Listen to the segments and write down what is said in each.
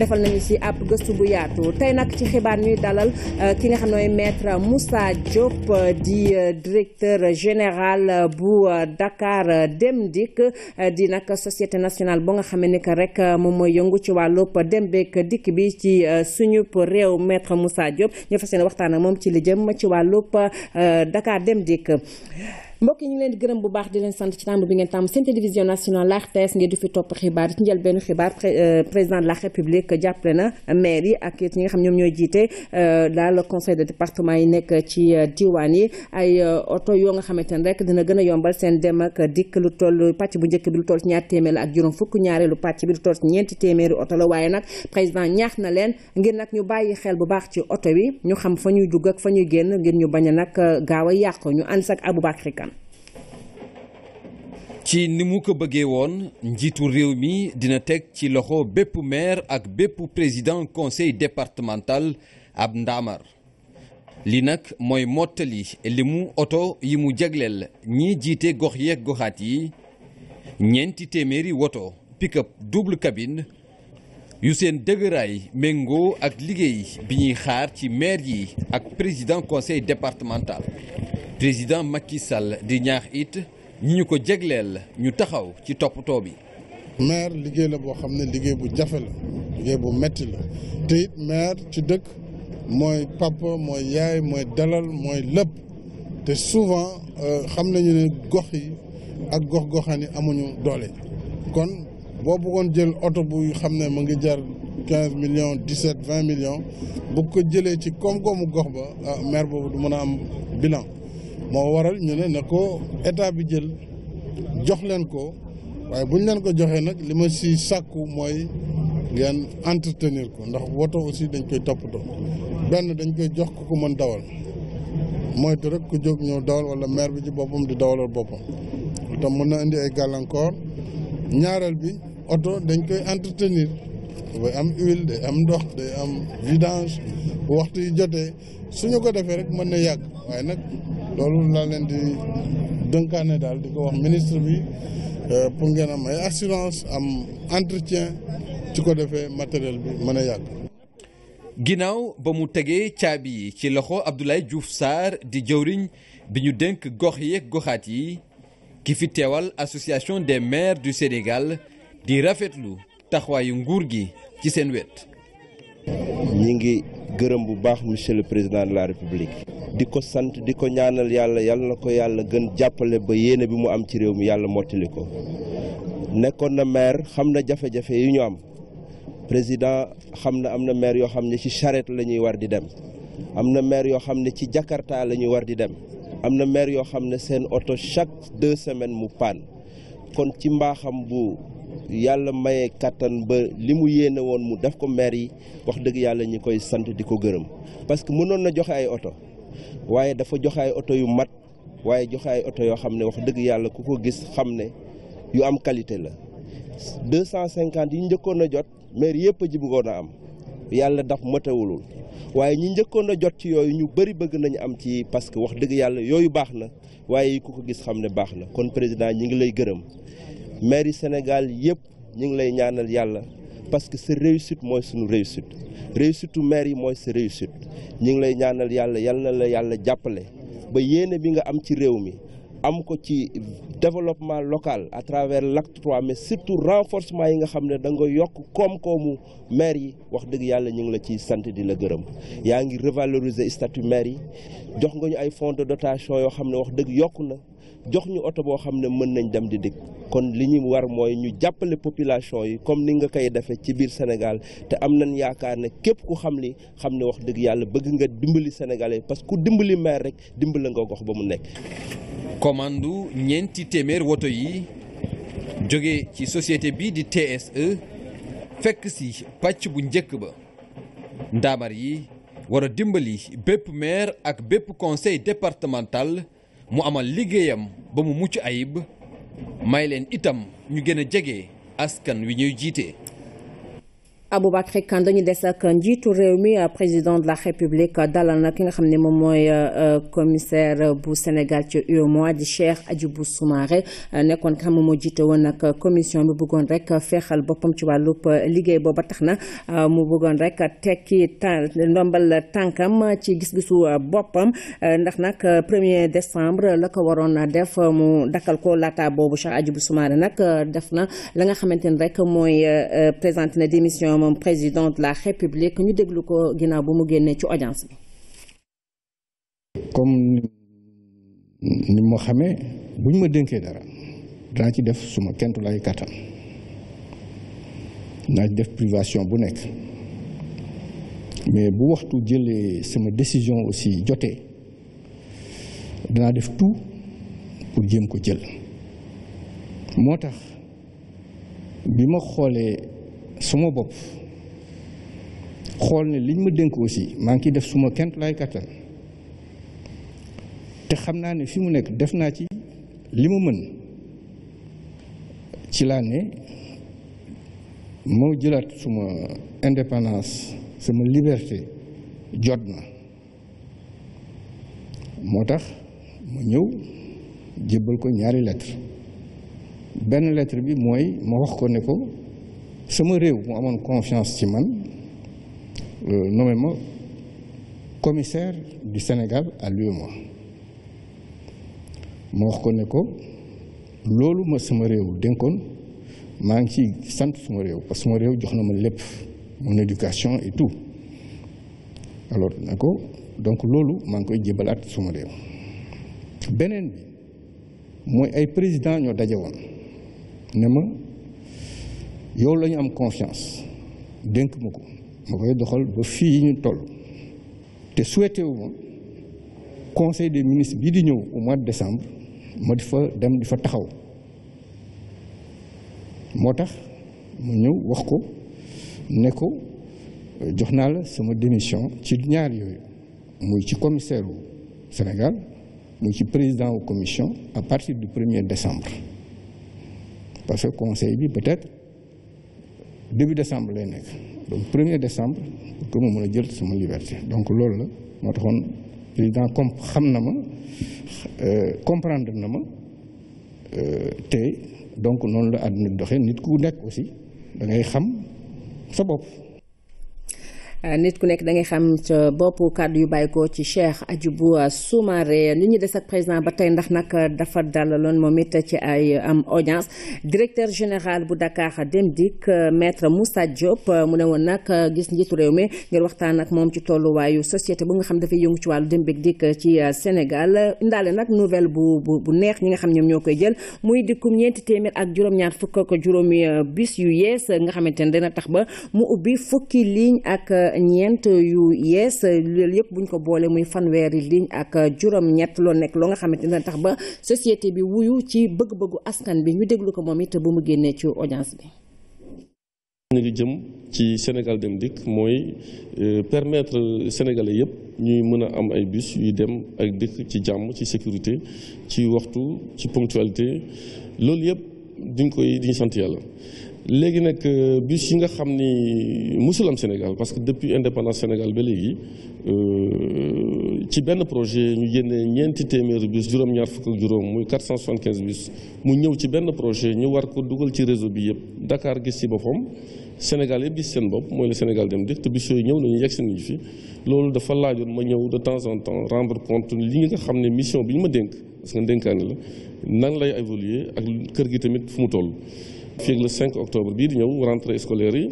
defal nañu si ab gëstu bu yaatu tey nag ci xibaar ñuy dalal euh, ki nga xam ne mooy maître Moussa Diop euh, di euh, directeur général bu dakaar Dem Dikk di nag societé nationale bu nga xamee ni que rek moom mooy yëngu ci wàllub dem beek dikk bi ci suñu réew maître Moussa Diop ñu fas yéene waxtaan ak moom ci li jëm ci wàllub dakaar Dem Dikk. mbokk yi ñu ngi leen gërëm bu baax di leen sant ci tàmm bi ngeen tam seen télévision nationale la RTS ngeen di fi topp xibaar ci njëlbeenu xibaar euh, président de la république jàppale na maire yi ak it ñi nga xam ñoom ñooy jiite euh, daal conseil de département yi nekk ci euh, diwaan yi ay oto yoo nga xamante ne rek dina gën a yombal seen dem ak dikk lu toll pàcc bu njëkk bi lu toll ci ñaar téeméer ak juróom fukk ñaareelu pàcc bi lu toll ci ñeenti téeméeri oto la waaye nag président ñaax na leen ngir nag ñu bàyyi xel bu baax ci oto bi ñu xam fa ñuy dugg ak fa ñuy génn ngir ñu bañ a nag gaaw a yàq ñu ànd ak Aboubacry Kane ci ni mu ko bëggee woon njiitu réew mi dina teg ci loxo bépp maire ak bépp président conseil départemental ab ndaamar li nag mooy mottali limu oto yi mu jagleel ñi jiite gox yeeg goxaat yi ñeenti téeméeri woto pick-up double yu seen dëgëraay méngoo ak liggéey bi ñuy xaar ci maire yi ak président conseil départemental président Macky di ñaax it ñi ñu ko jegleel ñu taxaw ci toppatoo bi. maire liggéey la boo xam ne liggéey bu jafe la liggéey bu metti la te maire ci dëkk mooy papa mooy yaay mooy dalal mooy lépp te souvent euh, xam nañu ne gox yi ak gox-goxaan yi amuñu doole kon boo buggoon jël oto bu xam ne mu ngi jar quinze millions dix-sept vingt millions bu ko jëlee ci koom-koomu gox ba ah, maire boobu du mën a am bilan. moo waral ñu ne na ko état bi jël jox leen ko waaye bu leen ko joxee nag li ma si sàkku mooy ngeen entretenir ko ndax woto aussi dañ koy toppatoo benn dañ koy jox ko ku ko mën dawal moytu rek ku jóg ñëw dawal wala maire bi ci boppam di dawalal boppam te mën na indi ay gàllankoor ñaareel bi oto dañ koy entretenir dafay am huile day am ndox day am vidange bu waxtu yu jotee suñu ko defee rek mën na yàgg waaye nag loolu laa leen di dënkaane daal di ko wax ministre bi euh, pour ngeen am ay assurance am entretien ci ko defee matériel bi mën a yàgg. ginnaaw ba mu tegee caabi yi ci loxo Abdoulaye Diouf saar di jëwriñ bi ñu dénk gox yéeg goxaat yi ki fi teewal association des maires du Sénégal di rafetlu taxawaayu nguur gi ci seen wet. ñi ngi. gërëm bu baax monsieur le président de la république. di ko sant di ko ñaanal yàlla yàlla na ko yàlla gën jàppale ba yéene bi mu am ci réew mi yàlla mottali ko nekkoon na maire xam na jafe-jafe yi ñu am président xam na am na maire yoo xam ne ci charrette la ñuy war di dem am na maire yoo xam ne ci jakarta la ñuy war di dem am na maire yoo xam ne seen oto chaque deux semaines mu paan kon ci mbaaxam bu yàlla mayee kàttan ba li mu yéene woon mu def ko maire yi wax dëgg yàlla ñi koy sant di ko gërëm parce que mënoon na joxe ay oto waaye dafa joxe ay oto yu mat waaye joxe ay oto yoo xam ne wax dëgg yàlla ku ko gis xam ne yu am qualité la deux cent cinquante yi njëkkoon a jot maire yëpp a ji bëggoon a am yàlla daf matewulul waaye ñi njëkkoon a jot ci yooyu ñu bëri bëgg nañu am ci parce que wax dëgg yàlla yooyu baax na waaye ku ko gis xam ne baax na kon président ñi ngi lay gërëm maire yi Sénégal yëpp ñi ngi lay ñaanal yàlla parce que sa réussite mooy suñu réussite réussite maire yi mooy sa réussite ñi ngi lay ñaanal yàlla yal na la yàlla jàppale ba yéene bi nga am ci réew mi am ko ci développement locale à travers l'acte 3 mais surtout renforcement yi nga xam ne da nga yokk koom-koomu maire yi wax dëgg yàlla ñu ngi la ciy sant di la gërëm yaa ngi revaloriser statut maire yi jox nga ñu ay fonds de dotation yoo xam ne wax dëgg yokk na jox ñu oto boo xam ne mën nañ dem di dikk kon li ñu war mooy ñu jàppale population yi comme ni nga koy defee ci biir Sénégal te am nañ yaakaar ne képp ku xam li xam ne wax dëgg yàlla bëgg nga dimbali Sénégalais parce que dimbali maire rek dimbali nga gox ba mu nekk commande ñeenti téeméer woto yi jóge ci société bi di TSE fekk si pàcc bu njëkk ba ndaamar yi war a dimbali bépp maire ak bépp conseil départemental mu amal liggéeyam ba mu mucc ayib may leen itam ñu gën a jege askan wi ñuy jiite. Aboubacry Kane dañu des ak njiitu réew mi président de la république dalal na ki nga xam ne moom mooy euh, euh, commissaire bu Sénégal ci UEMOA di Cheikh Hadjibou Soumaré nekkoon nga xam ne moo jiite woon nag commission bi bëggoon rek feexal boppam ci wàllub liggéey booba tax na euh, mu bëggoon rek tekki ndombal tànkam ci gis-gisu boppam ndax nag 1er décembre la ko waroon def mu dakkal ko laata boobu Cheikh Hadjibou Soumaré nag def na la nga xamante ni rek mooy présenté na démission moom président de la république ñu déglu ko ginnaaw bu mu génnee ci comme ni ma xamee bu ñu ma dénkee dara danaa ci def suma kentu lay kàttan naa ci def privation bu nekk mais bu waxtu jëlee sama décision aussi jotee danaa def tout pour jéem ko jël moo tax bi ma xoolee. suma bopp xool ne liñ ma dénk aussi maa ngi ciy def suma kent laay kattan te xam naa ne fi mu nekk def naa ci li ma mën ci laa ne moo jëlaat suma indépendance sama liberté jot na moo tax mu ñëw jébbal ko ñaari lettre benn lettre bi mooy ma wax ko ne ko sama réew mu amoon confiance ci man euh, nommé ma commissaire du Sénégal à l'UEMOA ma wax ko ne ko loolu ma sama réew dénkoon maa ngi ciy sant suma réew parce que suma réew jox na ma lépp mon éducation et tout alors na ko donc loolu maa ngi koy jébalaat suma réew beneen bi mooy ay président ñoo daje woon ne ma yow lañu am confiance dénk ma ko ma koy doxal ba fii ñu toll te souhaité wu conseil des ministre bii di ñëw au mois de décembre ma di fa dem di fa taxaw moo tax ma ñëw wax ko ne ko jox naa la sama démission ci ñaar yooyu muy ci commissaire wu Sénégal muy ci président wu commission à partir du premier décembre parce que conseil bi peut-être début décembre lay nekk donc premier décembre pour ma mën a jël sama liberté donc loolu la moo taxoon président comme xam na ma euh, comprendre na ma euh, te donc noonu la àdduna doxee nit ku nekk aussi da ngay xam sa bopp. Euh, nit ku nekk da ngay xam ca bopp kàddu yu bàyyi ko ci Cheikh Hadjibou Soumaré li ñu des ak président ba tey ndax nag dafa dalaloon moom it ci ay am audience directeur général bu Dakar Dem Dikk maître Moussa Diop mu ne woon nag gis njiitu réew mi ngir waxtaan ak moom ci tolluwaayu société bu nga xam dafay yëngu ci wàllu dem beeg dikk ci euh, Sénégal indaale nag nouvelle bu bu bu neex ñi nga xam ñoom ñoo koy jël muy dikkum ñeenti téeméer ak juróom-ñaar fukk ak juróomi euh, bis yu yees nga xamante ne dana tax ba mu ubbi fukki ligne ak. ñeent yu yees loolu yëpp buñ ko boole muy fanweeri ligne ak juróom-ñett loolu nekk loo nga xam ne tax ba société bi wuyu ci bëgg-bëggu askan bi ñu déglu ko moom it bu mu génnee ci audience bi. li jëm ci Sénégal dem dikk mooy euh, permettre sénégalais yëpp ñuy mën a am ay bis yuy dem ak dikk ci jàmm ci sécurité ci waxtu ci ponctualité loolu yëpp duñ koy diñu sant yàlla léegi nag euh, bus yi nga xam ni musul am Sénégal parce que depuis indépendance Sénégal ba léegi euh, ci benn projet ñu génnee ñeenti téeméeri bus juróom-ñaar fukk ak juróom muy 475 bus mu ñëw ci benn projet ñu war ko dugal ci réseau bi yëpp Dakar gis ci boppam Sénégal yëpp gis seen bopp mooy le Sénégal dem dikk te bus yooyu ñëw nañu yegg seen ñu fi loolu dafa laajoon ma ñëw de temps en temps rembre compte li nga xam ne mission bi ñu ma dénk parce que nan lay évoluer ak kër gi tamit fu mu toll. fii le 5 octobre bii di ñëw rentrée scolaire yi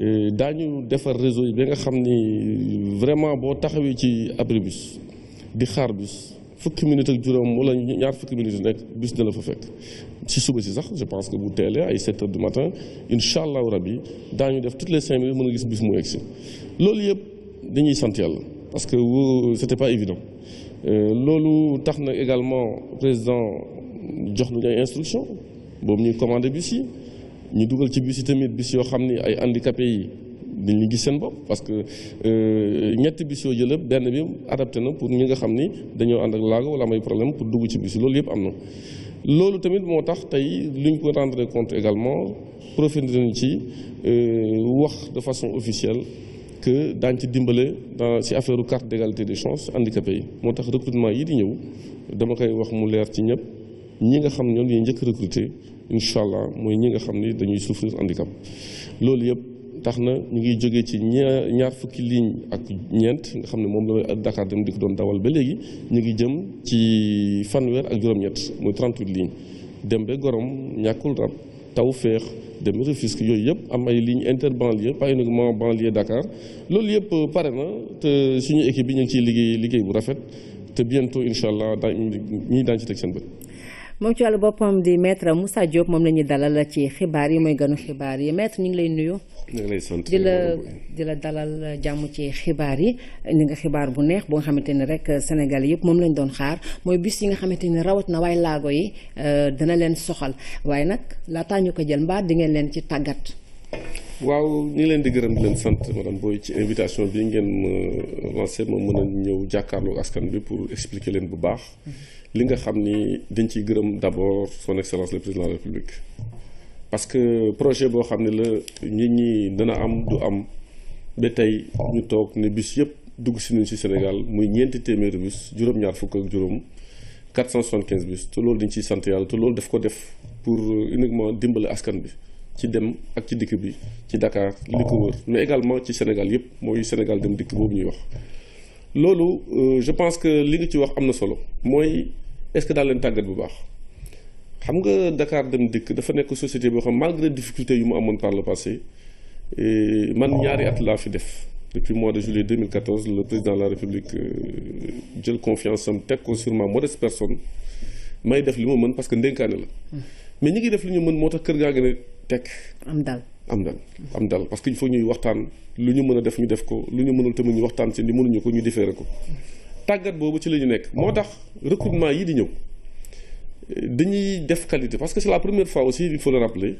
euh, daañu defar réseau yi ba nga xam ni vraiment boo taxawee ci abri bus di xaar bus fukki minute ak juróom wala ñaar fukki minute nekk bus dina fa fekk si suba si sax je pense que bu teelee ay 7 heures du matin incha allahu rabi daañu def toutes les cinq minutes mën a gis bus mu egsi loolu yëpp dañuy sant yàlla parce que wóo c'était pas évident euh, loolu tax na également président jox nañu ay boobu ñuy commandé bus yi ñu dugal ci bus yi tamit bus yoo xam ni ay handicapé yi dañuy gis seen bopp parce que euh, ñetti bus yoo jëlëb benn bi adapté na pour ñi nga xam ni dañoo ànd ak laago wala amay problème pour dugg ci bus yi loolu yëpp am na. loolu tamit moo tax tey lu ko rendre compte également profité nañu ci euh, wax de façon officielle que daañ ci dimbale dans si affaire carte d'égalité de chances handicapés yi moo tax recrutement yi di ñëw dama koy wax mu leer ci ñëpp ñi nga xam ñoom ñooy njëkk recruter incha allah mooy ñi nga xam ne dañuy souffrir handicap loolu yëpp tax na ñu ngi jóge ci ñaar ñaar fukki ligne ak ñeent nga xam ne moom la Dakar dem di ko doon dawal ba léegi ñu ngi jëm ci fanweer ak juróom-ñett mooy 38 lignes dem ba Gorom ñàkkul rab taw féex dem Rufisque yooyu yëpp am ay lignes interbanlieue pas uniquement banlieue Dakar loolu yëpp pare na te suñu équipe bi ñu ngi ciy liggéey liggéey bu rafet te bientôt incha allah daañu ñii daañu ci teg seen bët. moom ci wàllu boppam di maître Moussa Diop moom la ñuy dalal ci xibaar yi mooy ganu xibaar yi maître ñu ngi lay nuyu. ñu ngi lay sant di la di dalal jàmm ci xibaar yi ni nga xibaar bu neex boo nga xamante ni rek Sénégal yëpp moom lañ doon xaar mooy bis yi nga xamante ni rawat na waaye laago yi euh, dina leen soxal waaye nag laataa ñu ko jël mbaat di ngeen leen ci tàggat. waaw ñu leen di gërëm di leen sant madame Boye ci invitation bi ngeen ma euh, lancé ma askan bi leen bu baax. li nga xam ni dañ ciy gërëm d'abord son excellence le président de république parce que projet boo xam ne la nit ñi dana am du am ba tey ñu toog ne bis yëpp dugg si nañ si Sénégal muy ñeenti téeméeri bis juróom-ñaar fukk ak juróom 475 bis te loolu dañ ciy sant yàlla te loolu daf ko def pour uniquement dimbale askan bi ci dem ak ci dikk bi ci dakaar li ko wër mais également ci Sénégal yëpp mooy Sénégal dem dikk boobu ñuy wax. loolu euh, je pense que li nga ci wax am na solo est-ce que daal leen tàggat bu baax xam nga dakaar Dem Dikk dafa nekk société boo xam malgré difficulté yu mu amoon par le passé man ñaari at laa fi def depuis mois de juillet 2014 le président de la République euh, jël confiance am teg ko sur ma modeste personne may def li ma mën parce que ndénkaane la hmm. mais ñu ngi def li ñu mën moo tax kër gaa ngi ne tekk am dal am dal am dal parce que il ñuy waxtaan lu ñu mën a def ñu def ko lu ñu mënul tamit ñu waxtaan ci li mënuñu ko ñu defeere ko hmm. tàggat boobu ci la ñu nekk moo tax recrutement yi di ñëw dañuy def qualité parce que c'est la première fois aussi il faut le rappeler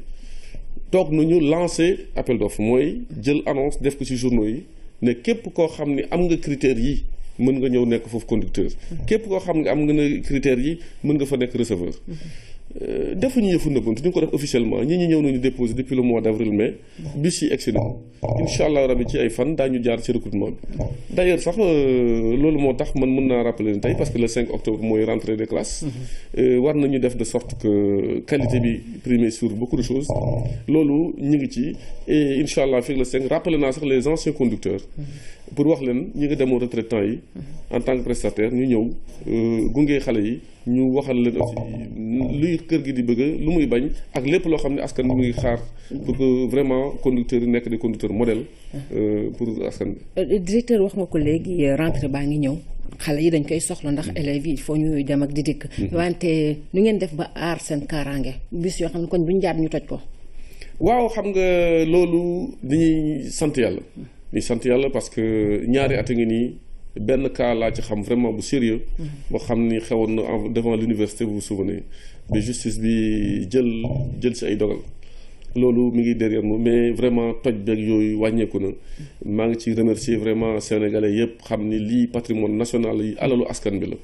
toog nañu lancer appel d'offre mooy jël annonce def ko ci journaux yi ne képp koo xam ni am nga critères yi mën nga ñëw nekk foofu conducteur mm-hmm. képp koo xam nga am nga na critères yi mën nga fa nekk receveur mm-hmm. Euh, defuñu yëfu nëbbunt ñu ngi ko def officiellement ñi ñi ñëw nañu déposé depuis le mois d' avril mai bis yi egsi na incha allah ci ay fan daañu jaar ci recrutement bi d' sax euh, loolu moo tax man mën naa rappeler ne tey parce que le 5 octobre mooy rentrée des classes mhm. euh, war nañu def de sorte que qualité bi primée sur beaucoup de choses loolu ñu ngi ci et incha allah fii le 5 rappelé naa sax les anciens conducteurs mhm. pour wax leen ñu ñi nga demoo retraitant yi en tant que prestataire ñu ñëw euh, gunge xale yi ñu waxal leen aussi luy kër gi di bëgg lu muy bañ ak lépp loo xam ne askan mu ngi xaar pour que vraiment conducteurs yi nekk des conducteurs modèles euh, pour askan bi euh, directeur wax nga ko léegi rentrée baa ngi ñëw xale yi dañ koy soxla ndax élèves yi foo ñuy dem ak di dikk mhm. wante nu ngeen def ba aar seen kaaraange bis yoo xam ne kon bu ñu jaar ñu ko waaw xam nga loolu dañuy sant yàlla mhm. di sant yàlla parce que ñaari at a ngi nii benn cas laa ci xam vraiment bu sérieux mm-hmm. boo xam ni xewoon na devant l'université vous vous souvenez de justice bi jël jël si ay dogal loolu mu ngi derrière mu mais vraiment toj beeg yooyu wàññeeku na mm-hmm. maa ngi ciy remercier vraiment sénégalais yëpp xam ni lii patrimoine national yi alalu askan bi la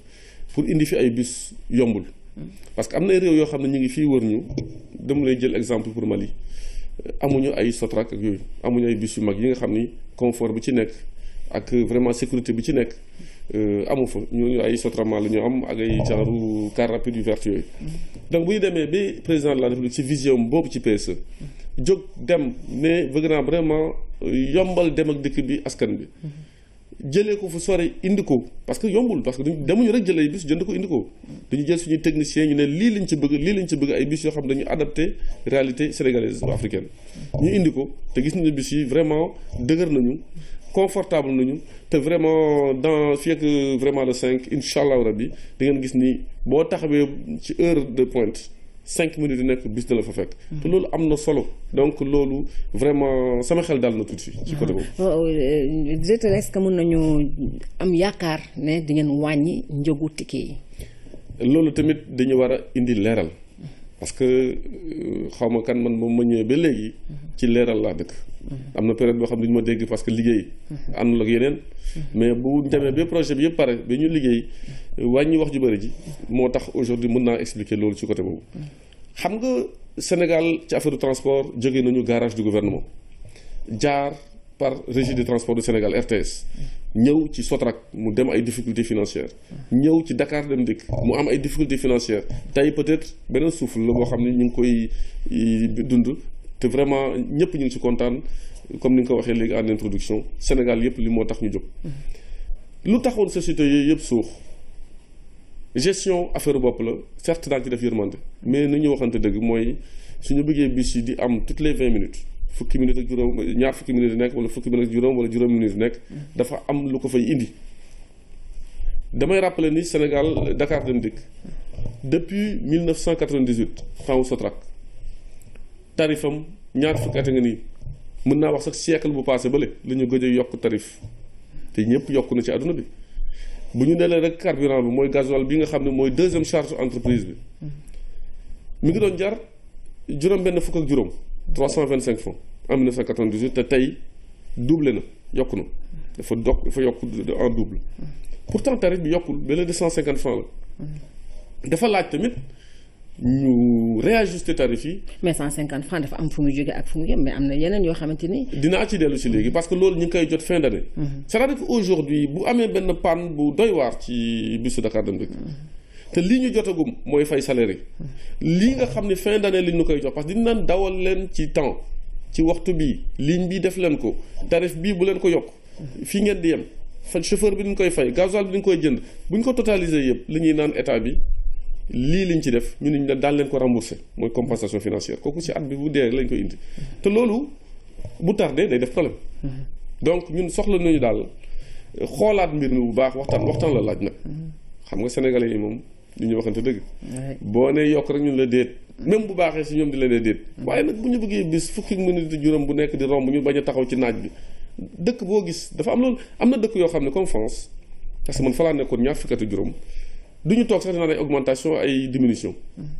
pour indi fi ay bis yombul mm-hmm. parce que am na réew yoo xam ne ñu ngi fii wër ñu dama lay jël exemple pour Mali amuñu ay sot ak yooyu amuñu ay bus yu mag yi nga xam ni confort bi ci nekk ak vraiment sécurité bi ci nekk euh, amu fa ñooñu ay Sotrama la ñu am ak ay genre car rapide yu vert yooyu. donc bu ñu demee bi président la république ci vision boobu ci PSE. jóg dem ne bëgg naa vraiment yombal dem ak dëkk bi askan bi. jëlee ko fu sore indi ko parce que yombul parce que demuñu rek jëlee bis jënd ko indi ko dañu jël suñuy technicien ñu ne lii lañ ci bëgg lii lañ ci bëgg ay bus yoo xam dañu adapté réalité sénégalaise africaine ñu indi ko te gis nañu bus yi vraiment dëgër nañu confortable nañu te vraiment dans fii vraiment le cinq incha allahu rabbi da ngeen gis ni boo taxawee ci heure de pointe cinq minutes di nekk bis dina la fa fekk. te loolu am na solo donc loolu vraiment sama xel dal na tuuti. ci côté boobu. directeur ah, euh, est-ce que mën nañu am yaakaar ne di ngeen wàññi njëgu ticket yi. loolu tamit dañu war a indi leeral. parce que euh, xaw ma kan man moom ma ñëwee ba léegi. ci leeral laa dëkk. Mhm. am na période boo xam ne ñu ma dégg parce que liggéey mhm. àndul ak yeneen mhm. mais bu demee ba projet bi yëpp pare ba ñu liggéey wàññi wax ju bëri ji moo tax aujourd'hui mën naa expliquer loolu ci côté boobu xam nga Sénégal ci affaire du transport jógee nañu garage du gouvernement jaar par régie de transport du Sénégal RTS ñëw ci Sotrac mu dem ay difficultés financière ñëw ci dakaar dem dikk mu am ay difficultés financières tey peut-être beneen suuf la boo xam ne ñu ngi koy dund te vraiment ñëpp ñu ngi si kontaan comme ni nga ko waxee léegi en introduction Sénégal yëpp li moo tax ñu jóg. lu taxoon société yooyu yëpp suux gestion affaire bopp la certes daan ci def yërmande mais ni ñu waxante dëgg mooy suñu bëggee bis yi di am toutes les vingt minutes fukki minutes ak juróom ñaar fukki minutes nekk wala fukki minutes ak juróom wala juróom minutes nekk. dafa am lu ko fay indi. damay rappeler ni Sénégal Dakar Dem Dikk depuis 1998 temps wu Sotrac tarifam ñaar fukki at nga nii mën naa wax sax siècle bu passé bële la ñu gëj yokk tarif te ñëpp yokk na ci àdduna bi bu ñu nelee rek carburant bi mooy gasoil bi nga xam ne mooy deuxième charge entreprise bi mu ngi doon jar juróom benn fukk ak juróom 325 francs en 1998 te tey doublé na yokk na dafa dokk dafa yokk en double pourtant tarif bi yokkul benn de 150 francs la dafa laaj tamit ñu réajuster tarif yi. mais 150 francs dafa am fu mu jógee ak fu mu yem mais am na yeneen yoo xamante ni. dinaa ci dellu si léegi parce que loolu ñu ngi koy jot fin d'année. Mhm. cest à aujourd'hui bu amee benn panne bu doy waar ci bisu Dakar Dem Dikk. Mhm. te lii ñu jotagum mooy fay salaire yi. Mhm. lii nga xam ne fin d'année li ñu koy jox parce que dinañ dawal leen ci temps ci waxtu bi ligne bi def leen ko tarif bii bu leen ko yokk. fii ngeen di yem fa chauffeur bi ñu koy fay gasoil bi ñu koy jënd bu ñu ko totalisé yëpp li ñuy naan état bi. lii lañ ci def ñu ne ñu daal leen ko remboursé mooy compensation financière kooku si at bi bu dee rek lañ koy indi. te loolu bu tardé day def problème. donc ñun soxla nañu daal xoolaat mbir mi bu baax waxtaan waxtaan la laaj nag. xam nga sénégalais yi moom li ñu waxante dëgg. boo nee yokk rek ñun la déet. même bu baaxee si ñoom di la nee déet. Mm. waaye nag bu ñu bëggee bis fukki minute juróom bu nekk di romb ñu bañ a taxaw ci naaj bi dëkk boo gis dafa am loolu am na dëkk yoo xam ne comme France parce nekkoon ñaar fukki du ñu toog sax dinaa ay augmentation ay diminution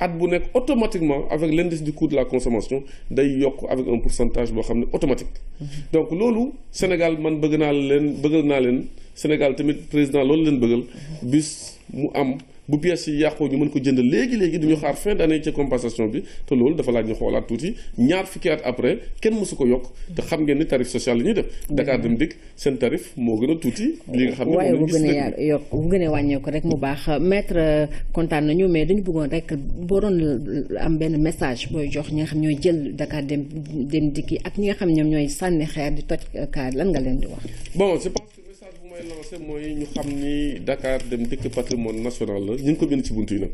at bu nekk automatiquement avec l'indice du coût de la consommation day yokk avec un pourcentage boo xam ne automatique donc loolu Sénégal man bëgg naa leen bëggal naa leen Sénégal tamit président loolu leen bëggal bis mu am bu pièces yi yàqoo ñu mën ko jënd léegi léegi duñu xaar fin d'année ci compensation bi te loolu dafa laaj ñu xoolaat tuuti ñaar fukki après kenn mësu ko yokk te xam ngeen ni tarif social la ñuy def mm. Dakar Dem Dikk seen tarif moo gën a tuuti li nga xam ne waaye bu gën wàññeeku rek mu baax maître kontaan nañu mais dañu bëggoon rek boo doon am benn message booy jox ñi nga xam ñooy jël Dakar Dem Dem Dikk yi ak ñi nga xam ñoom ñooy sànni xeer di toj kaar lan nga leen di wax may lancé mooy ñu xam ni Dakar dem dëkk patrimoine national la ñu ngi ko bind ci buntu yi nag.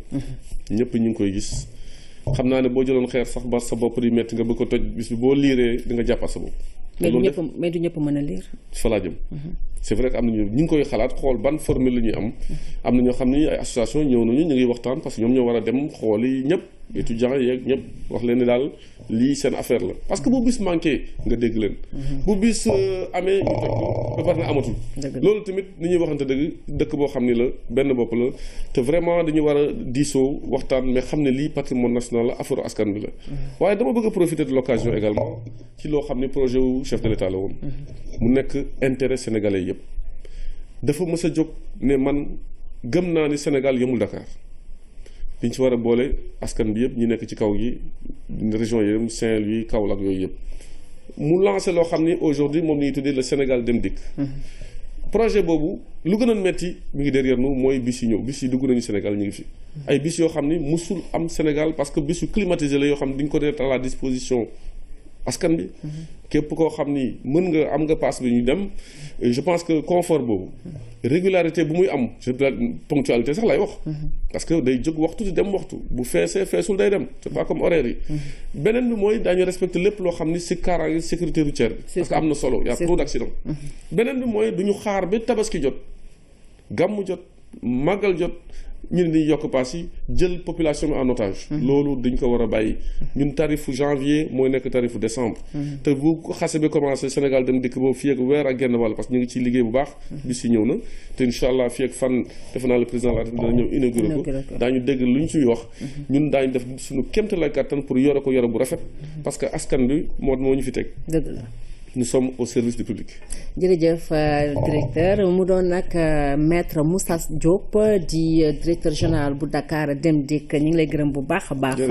ñëpp ñu ngi koy gis. xam naa ne boo jëloon xeer sax ba sa bopp di métti nga bëgg ko toj bis bi boo liiree di nga sa bopp. mais du ñëpp mais du ñëpp mën a liir. fa laa jëm. Mhm. am na ñu ngi koy xalaat xool ban formule la ñuy am. Mhm. am na ñoo xam ni ay association ñëw nañu ñu ngi waxtaan parce que ñoom ñoo war a dem xool yi ñëpp. étudiants yeeg wax leen ni daal lii seen affaire la parce que bu bis manqué nga dégg leen. Mhm. bu bis euh, amee nga fekk defar na amatul. loolu tamit ni ñuy waxante dëgg dëkk boo xam ni la benn bopp la te vraiment dañu war a diisoo waxtaan mais xam ne lii patrimoine national la affaire askan bi la. Mhm. waaye dama bëgg a profiter de l'occasion également ci loo xam ni projet wu chef de l'État la woon. Mhm. mu nekk intérêt sénégalais yëpp. dafa mës a jóg ne man gëm naa ni Sénégal yëmul Dakar. li ñu si war a boole askan bi yëpp ñu nekk ci kaw gi région yi Saint-Louis Kaolack yooyu yëpp mu lancé loo xam ni aujourd'hui moom la ngi tuddee le Sénégal dem dikk mm-hmm. projet boobu lu gën a metti mu ngi derrière nous mooy bis yi ñëw bis yi dugg nañu Sénégal ñu ngi fi ay bis yoo xam ni musul am Sénégal parce que bis yu climatisé la yoo xam ne di nga ko dee à la disposition askan bi képp koo xam ni mën nga am nga passe bi ñu dem je pense que confort boobu régularité bu muy am je ponctualité sax lay wax parce que day jóg waxtu di dem waxtu bu feesee feesul day dem c'est pas comme horaire yi beneen bi mooy daañu respecter lépp loo xam ni si kaaraange sécurité routière bi parce am na solo y a trop d'accident beneen bi mooy duñu xaar ba tabaski jot gàmmu jot màggal jot ñu ne dañuy yokk paas yi jël population bi en otage. Mm-hmm. loolu dañ ko war a bàyyi. Mm-hmm. ñun tarifu janvier mooy nekk tarifu décembre. Mm-hmm. te bu xase bi commencé Sénégal dem dikk boobu fii ak weer ak genn parce que ñu ngi ciy liggéey bu baax. bis yi ñëw na te incha allah fii ak fan defe naa le président de la dina ñëw inauguré ko. daañu dégg lu ñu ciy wax. ñun daañu def suñu kéemtalaay kattan pour yore ko yore bu rafet. parce que askan bi moo moo ñu fi teg. nous sommes jërëjëf euh, oh. directeur mu doon nag euh, maître Moussa Diop euh, di directeur général bu Dakar Dem Dikk ñu ngi lay gërëm bu baax a baax.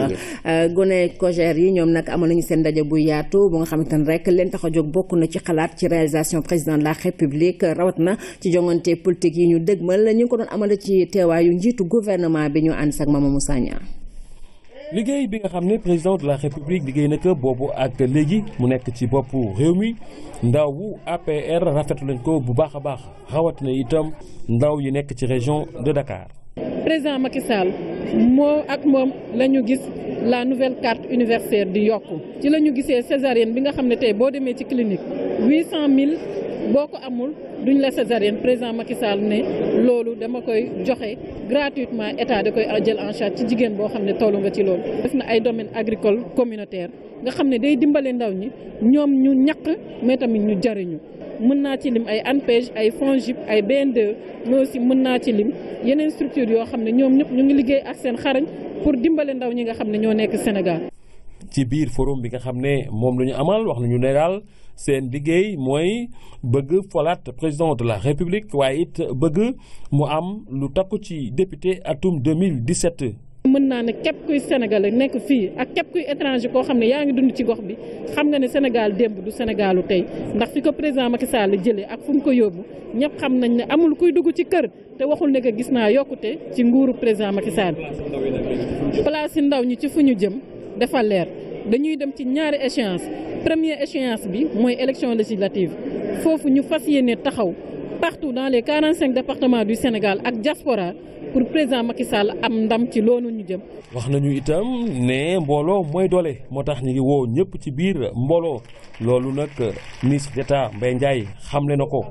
gone cogère yi ñoom nag amoon nañu seen ndaje buy yaatu bu nga xamante ne rek leen tax a jóg bokk na ci xalaat ci réalisation président de la république rawat na ci jongante politique yi ñu dëgmal ñu ngi ko doon amal ci teewaayu njiitu gouvernement bi ñu ànd sax Mama Moussa Niang liggéey bi nga xam ne président de la république liggéey na ko boobu ak léegi mu nekk ci boppu réew mi ndaw ndawu APR rafetlu nañ ko bu baax a baax rawatina itam ndaw yi nekk ci région de Dakar. président Macky Sall moo ak moom lañu gis la nouvelle carte universitaire di yokk ci la ñu gisee césarienne bi nga xam ne tey boo demee ci clinique 800000 boo ko amul. duñ la césarienne président Macky ne loolu dama koy joxe gratuitement état da koy jël en charge ci jigéen boo xam ne tollu nga ci loolu. des na ay domaines agricoles communautaires nga xam ne day dimbale ndaw ñi ñoom ñu ñaq mais ñu jariñu mën naa ci lim ay ANPEJ ay FONGIP ay BND e, mais aussi mën naa ci lim yeneen structure yoo xam ne ñoom ñëpp ñu ngi liggéey ak seen xarañ pour dimbale ndaw ñi nga xam ne ñoo nekk Sénégal. ci biir forum bi nga xam ne moom la ñu amal wax nañu seen liggéey mooy bëgg folaat président de la république waaye it bëgg mu am lu takku ci député atum 2017. mën naa ne képp kuy sénégalais nekk fii ak képp kuy étranger koo xam ne yaa ngi dund ci gox bi xam nga ne Sénégal démb du Sénégalu tey ndax fi ko président Macky la jëlee ak fu mu ko yóbbu ñëpp xam nañ ne amul kuy dugg ci kër te waxul ne gis naa yokkute ci nguuru président Macky Sall. place ndaw ñi ci fu ñu jëm dafa leer. dañuy dem ci ñaari échéance première échéance bi mooy élection législative foofu ñu fas yéene taxaw partout dans les quarante cinq départements du Sénégal ak diaspora pour président Macky Sall am ndam ci loolu ñu jëm. wax nañu itam ne mbooloo mooy doole moo tax ñu ngi woo ñëpp ci biir mbooloo loolu nag ministre d'État Mbaye Ndiaye xamle na ko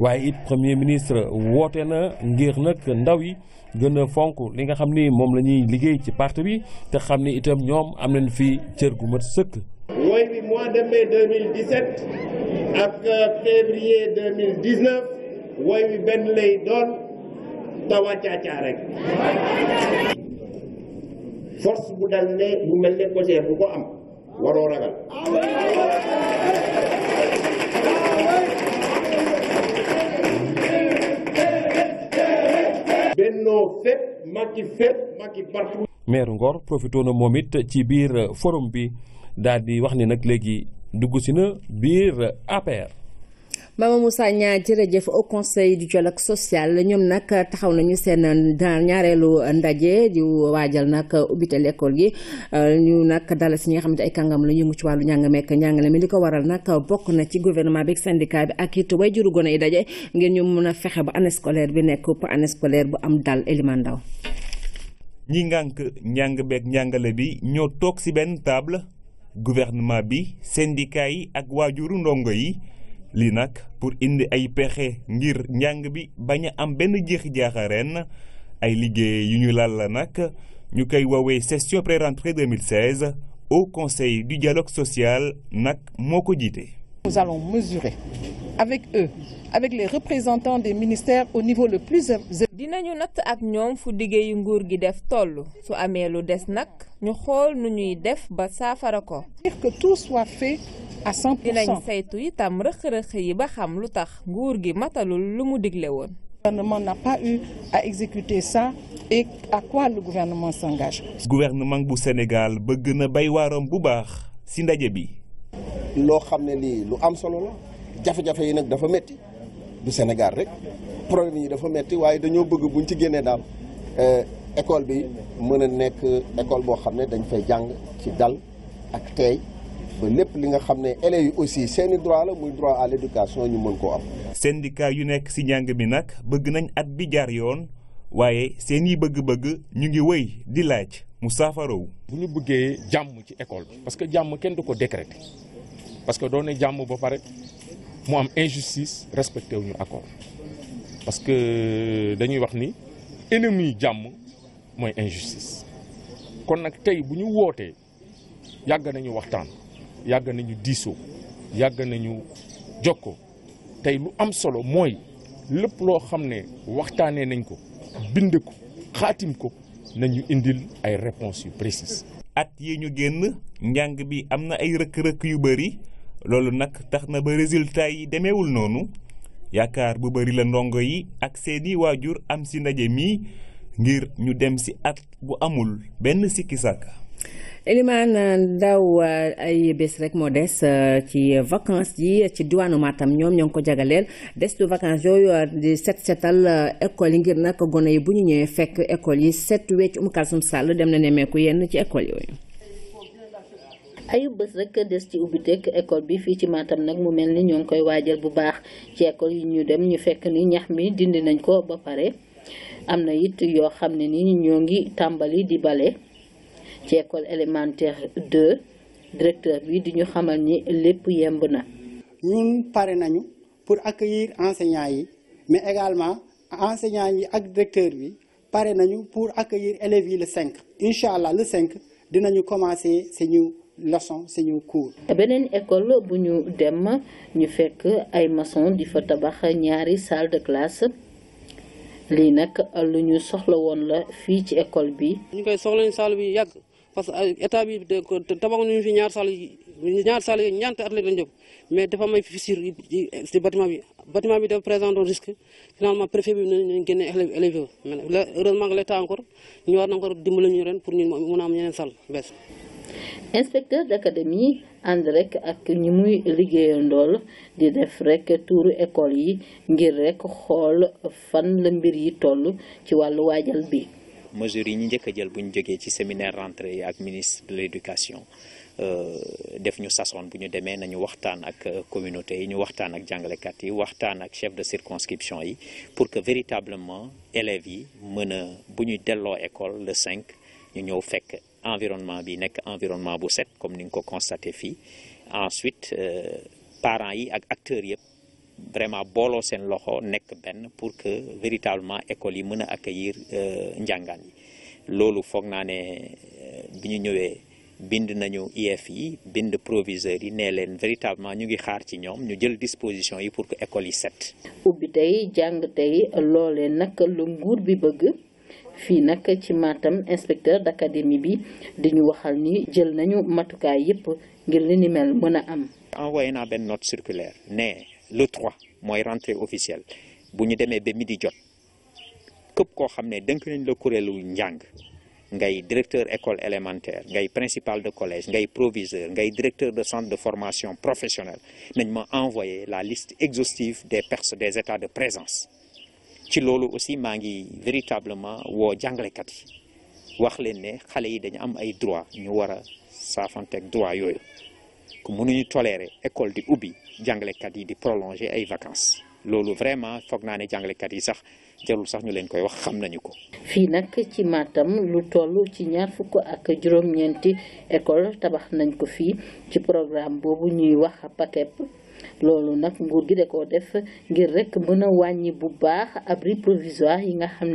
waaye it premier ministre woote na ngir nag ndaw yi. gën a fonk li nga xam ni moom la ñuy liggéey ci parti bi te xam ni itam ñoom am nañ fi cër gu mat sëkk. mooy bi mois de mai ak euh, février woy wi benn lay doon tawa caacaa rek force bu dal ne bu mel ne Cojer bu ko am waroo ragal. bennoo Ngor profitoo na moom it ci biir forum bi daal wax ni nag léegi dugg si na biir APR. Mama Moussa Niang jërëjëf au conseil du dialogue social ñoom nag taxaw nañu seen dans ñaareelu ndaje di waajal nag ubbite lekkool gi ñu nag dala si ñi xam xamante ay kàngam la yëngu ci wàllu njàng mekk njàngale mi li ko waral nag bokk na ci guvernement bi syndicat bi ak it way juru gone yi daje ngeen ñu mën a fexe ba année bi nekk pour bu am dal Elimane Ndaw ñi ngànk njàngale bi ñoo toog si benn table gouvernement bi syndicat yi ak waajuru ndongo yi lii nag pour indi ay pexe ngir njàng bi bañ a am benn jeexi jaaxa ren ay liggéey yu ñu lal nag ñu koy woowee session pré-rentrée 2016 au conseil du dialogue social nag moo ko jiite. nous allons mesurer avec eux, avec les représentants des ministères au niveau le plus dinañu natt ak ñoom fu liggéeyu nguur gi def toll su amee lu des nag ñu xool nu ñuy def ba saafara ko. dire que tout saytu itam rëq yi ba xam lu tax nguur gi matalul lu mu digle woon. Le gouvernement n'a pas eu à exécuter ça et à quoi le gouvernement s'engage. gouvernement bu Sénégal bëgg na bay waaram bu baax ci ndaje bi. loo xam ne lii lu am solo la jafe-jafe yi nag dafa metti du Sénégal rek problème yi dafa metti waaye dañoo bëgg buñ ci génnee daal euh, école bi mën a nekk école boo xam ne dañ fay jàng ci dal ak teey ba lépp li nga xam ne élèves yi aussi seeni droit la muy droit à l'éducation ñu mën koo am. syndicat yu nekk ci njàng bi nag bëgg nañ at bi jaar yoon waaye seen yi bëgg-bëgg ñu ngi wëy di laaj mu saafarawu bu ñu bëggee jàmm ci école bi parce que jàmm kenn du ko décréter. parce que doon na jàmm ba pare mu am injustice respecté wuñu accord parce que dañuy wax ni ennemi jàmm mooy injustice kon nag tey bu ñu wootee yàgg nañu waxtaan yàgg nañu diisoo yàgg nañu ko tey lu am solo mooy lépp loo xam ne waxtaanee nañ ko bind ko xaatim ko nañu indil ay réponses yu précises. at yi ñu génn njàng bi am na ay rëkk-rëkk yu bari loolu nag tax na ba résultat yi demeewul noonu yaakaar bu bëri la ndongo yi ak seeni waajur am si ndaje mii ngir ñu dem si at bu amul benn sikki sàkka Elimane Ndaw ay bés rek moo des euh, ci vacances yi ci diwaanu Matam ñoom ñoo ko jagaleel des du vacances yooyu euh, di set setal ecole euh, yi ngir nag gone yi bu ñu ñëwee fekk école yi set wecc um kalsum sàll dem na nemmeeku yenn ci école yooyu ayu bés rek des ci ubbitek école bi fii ci Matam nag mu mel ni ñoo ngi koy waajal bu baax ci école yi ñu dem ñu fekk ni ñax mi dindi nañ ko ba pare am na it yoo xam ne ni ñoo ngi tàmbali di bale ci école élémentaire 2 directeur bi di ñu xamal ni lépp yemb na. ñun pare nañu pour accueillir enseignants yi mais également enseignants yi ak directeur bi pare nañu pour accueillir élèves yi le 5 incha allah le 5 dinañu commencer suñu. leçon suñu cours. beneen école bu ñu dem ñu fekk ay maçon di fa a ñaari salle de classe lii nag lu ñu soxla woon la fii ci école bi. ñu koy soxla ñu salle bi yàgg parce que état bi tabax nañu fi ñaar salle yi ñaar salle yi ñaanta at lañu mais dafa may fissure ci bâtiment bi bâtiment bi dafa présente un risque finalement préfet bi nañ génne élèves mais heureusement que l'état encore ñu war na dimb dimbali ñu ren pour ñu mën a am ñeneen salle bees. inspecteur d'académie ànd rek ak ñi muy ndool di def rek tuuru école yi ngir rek xool fan la mbir yi toll ci wàllu waajal bi mesures yi ñu njëkk jël bu ñu jógee ci séminaire rentrée yi ak ministre de l'éducation euh, def ñu sasoon bu ñu demee nañu waxtaan ak euh, communauté yi ñu waxtaan ak jàngalekat yi waxtaan ak chef de circonscription yi pour que véritablement élève yi mën bu ñu delloo école le cinq ñu ñëw fekk environnement bi nekk environnement bu set comme ni nga ko constaté fii ensuite euh, parent yi ak acteur yëpp vraiment booloo seen loxo nekk benn pour que véritablement école yi mën a accueillir euh, njàngaan yi loolu foog naa ne euh, bi ñu ñëwee bind nañu IEF yi bind proviseurs yi nee leen véritablement ñu ngi xaar ci ñoom ñu jël disposition yi pour que écoles yi set ubbi tey jàng tey loolee nag lu nguur bi bëgg fii nag ci Matam inspecteur d'académie bi di ñu waxal ni jël nañu matukaay yépp ngir li ni mën a am. envoyé na benn note circulaire ne le 3 mooy rentrée officielle bu ñu demee ba di jot képp koo xam ne dënk nañ la kuréelu njàng. ngay directeur école élémentaire ngay principal de collège ngay proviseur ngay directeur de centre de formation professionnelle nañ ma envoyé la liste exhaustive des personnes des états de présence ci loolu aussi maa ngi véritablement woo jàngalekat yi wax leen ne xale yi dañu am ay droit ñu war a saafanteeg droit yooyu mu que ñu tolérer école di ubbi jàngalekat yi di prolonger ay vacances loolu vraiment foog naa ne jàngalekat yi sax jarul sax ñu leen koy wax xam nañu ko. fii nag ci Matam lu toll ci ñaar fukk ak juróom-ñeenti école tabax nañ ko fi ci programme boobu ñuy wax PATEP. loolu ndax nguur gi da koo def ngir rek mën a wàññi bu baax abri provisoire yi nga xam